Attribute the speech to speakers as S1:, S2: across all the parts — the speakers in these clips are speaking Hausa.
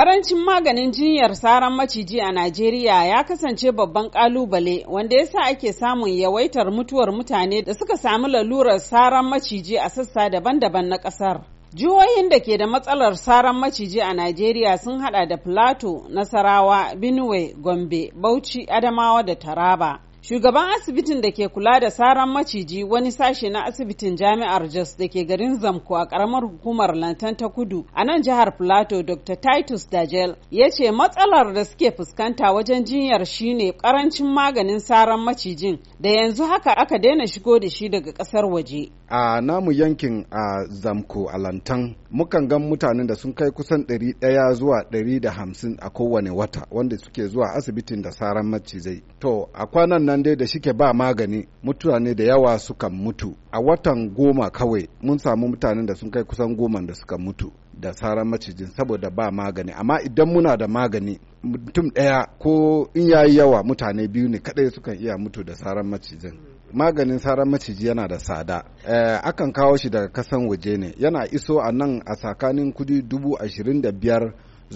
S1: Karancin maganin jinyar saran maciji a Najeriya ya kasance babban kalubale wanda ya sa ake samun yawaitar mutuwar mutane da suka sami lalurar saran maciji a sassa daban-daban na ƙasar. Jihohin da ke da matsalar saran maciji a Najeriya sun hada da Plateau, Nasarawa, Benue, Gombe, Bauchi, Adamawa da Taraba. Shugaban asibitin da ke kula da saran maciji wani sashe na asibitin jami'ar Jos da ke garin Zamko a karamar hukumar Lantan ta Kudu a nan jihar plato Dr. Titus Dajel ya ce matsalar da suke fuskanta wajen jinyar shine karancin maganin saran macijin da yanzu haka aka daina shigo da shi daga kasar waje.
S2: A namu yankin a Zamko a Lantan mukan gan mutanen da sun kai kusan ɗari ɗaya zuwa ɗari da hamsin a kowane wata wanda suke zuwa asibitin da saran macizai. To a kwanan nan dai da shike ba magani mutane da yawa sukan mutu a watan goma kawai mun samu mutanen da sun kai kusan goma da suka mutu da saran macijin saboda ba magani amma idan muna da magani mutum ɗaya ko in yayi yawa mutane biyu ne kadai sukan iya mutu da saran macijin maganin saran maciji yana da tsada eh, akan kawo shi daga kasan waje ne yana iso a nan a tsakanin kudi dubu ashirin da biyar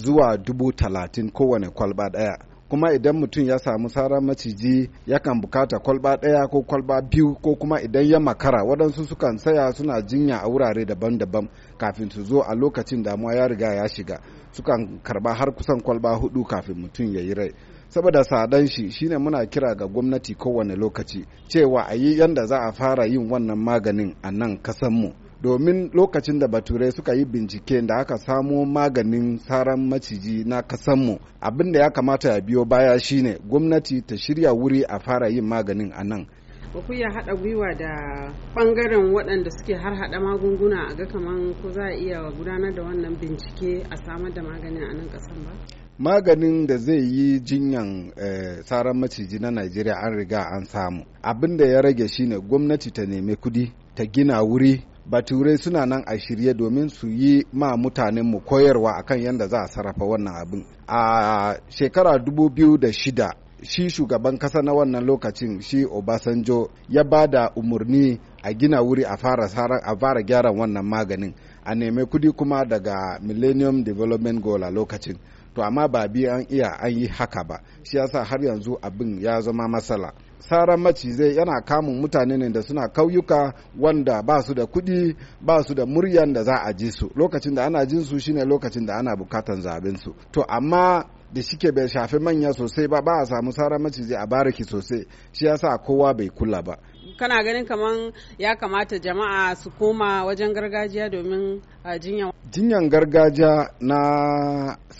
S2: zuwa dubu talatin kowane kwalba ɗaya kuma idan mutum ya samu sara maciji yakan bukata kwalba ɗaya ko kwalba biyu ko kuma idan ya makara waɗansu sukan saya suna jinya a wurare daban-daban kafin su zo a lokacin damuwa ya riga ya shiga sukan karba har kusan kwalba hudu kafin mutum ya yi rai saboda sadan shi shine muna kira ga gwamnati kowane lokaci cewa a yi yanda za a fara yin wannan maganin a nan kasanmu domin lokacin da baturai suka yi bincike da aka samo maganin saran maciji na kasanmu abin da ya kamata ya biyo baya shine gwamnati ta shirya wuri a fara yin maganin a nan
S1: haɗa gwiwa da ɓangaren waɗanda suke har haɗa magunguna a ga kaman ko za a iya gudanar da wannan bincike a samar da maganin a nan ƙasan ba
S2: maganin da zai yi jinyan eh, saran maciji na najeriya an riga an samu abin da ya rage shine gwamnati ta nemi kudi ta gina wuri baturai suna nan a shirye domin su yi ma mutanen mu koyarwa akan yadda za a sarrafa wannan abin a shekara 2006 shi shugaban kasa na wannan lokacin shi obasanjo ya ba da umarni a gina wuri a fara gyaran wannan maganin a neme kudi kuma daga millennium development goal a lokacin to amma ba bi iya an yi haka ba shi yasa har yanzu abin ya zama matsala saran macizai yana kamun mutane ne da suna kauyuka wanda ba su da kuɗi ba su da muryan da za a ji su lokacin da ana jin su shine lokacin da ana bukatan zaben su to amma da shike bai shafi manya sosai ba ba a samu saran macizai a bariki sosai shi yasa kowa bai kula ba
S1: kana ganin kaman ya kamata jama'a su koma wajen gargajiya domin
S2: jinyan gargajiya na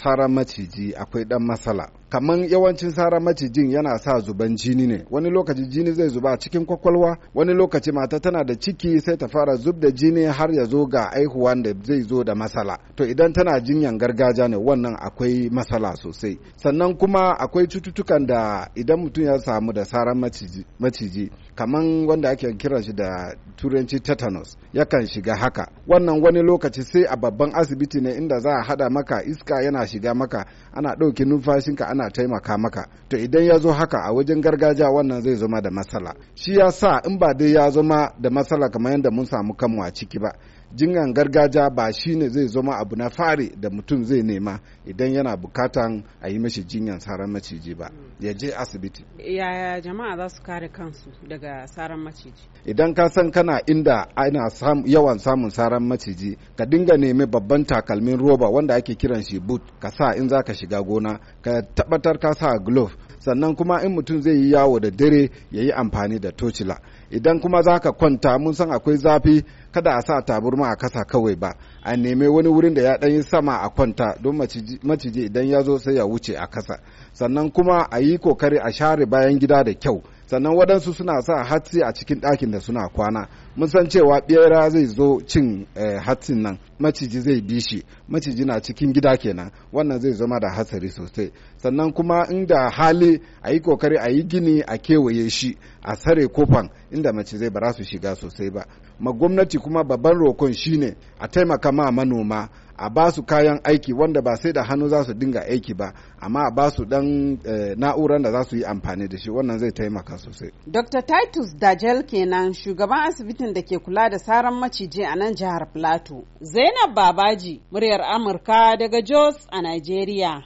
S2: saran maciji akwai dan matsala kamar yawancin sara macijin yana sa zuban jini ne wani lokaci jini zai zuba cikin kwakwalwa wani lokaci mata tana da ciki sai ta fara zub da jini har ya zo ga aihuwan da zai zo da matsala to idan tana jinyan gargajiya ne wannan akwai masala sosai sannan kuma akwai cututtukan da idan mutum ya samu da sara maciji kamar wanda ake kiran shi da turanci tetanus yakan shiga haka wannan wani lokaci sai a babban asibiti ne inda za a hada maka iska yana shiga maka ana ɗauki numfashinka ana taimaka maka to idan ya zo haka a wajen gargajiya wannan zai zama da matsala shi ya sa in ba dai ya zama da matsala kamar yadda mun samu kanmu a ciki ba jingan gargajiya ba shi ne zai zama abu na fari da mutum zai nema idan yana bukatan a yi mashi jinyan saran maciji ba ya je asibiti
S1: yaya jama'a za su kare kansu daga saran maciji
S2: idan ka san kana inda ana yawan samun saran maciji ka dinga nemi babban takalmin roba wanda ake kiran shi boot ka sa in za ka shiga gona ka tabbatar ka sa glove sannan kuma in mutum zai yi yawo da dare ya yi amfani da tocila idan kuma za ka kwanta mun san akwai zafi kada a sa taburma koma a kasa kawai ba a nemi wani wurin da ya ɗan yi sama a kwanta don maciji idan ya zo sai ya wuce a kasa sannan kuma a yi kokari a share bayan gida da kyau sannan waɗansu suna sa hatsi a cikin ɗakin da suna kwana mun san cewa ɓera zai zo cin eh, hatsin nan maciji zai bi shi maciji na cikin gida kenan wannan zai zama da hatsari sosai sannan kuma inda hali a yi kokari a yi gini a kewaye shi a sare kofan inda mace zai za su shiga sosai ba ma gwamnati kuma babban rokon shine a taimaka ma manoma a ba su kayan aiki wanda ba sai da hannu za su dinga aiki ba amma a ba su dan e, eh, na'urar da za su yi amfani da shi wannan zai taimaka sosai.
S1: Dr. Titus Dajel kenan shugaban asibitin da ke kula da saran maciji a nan jihar Plateau. Zainab Babaji, muryar Amurka daga Jos a Nigeria.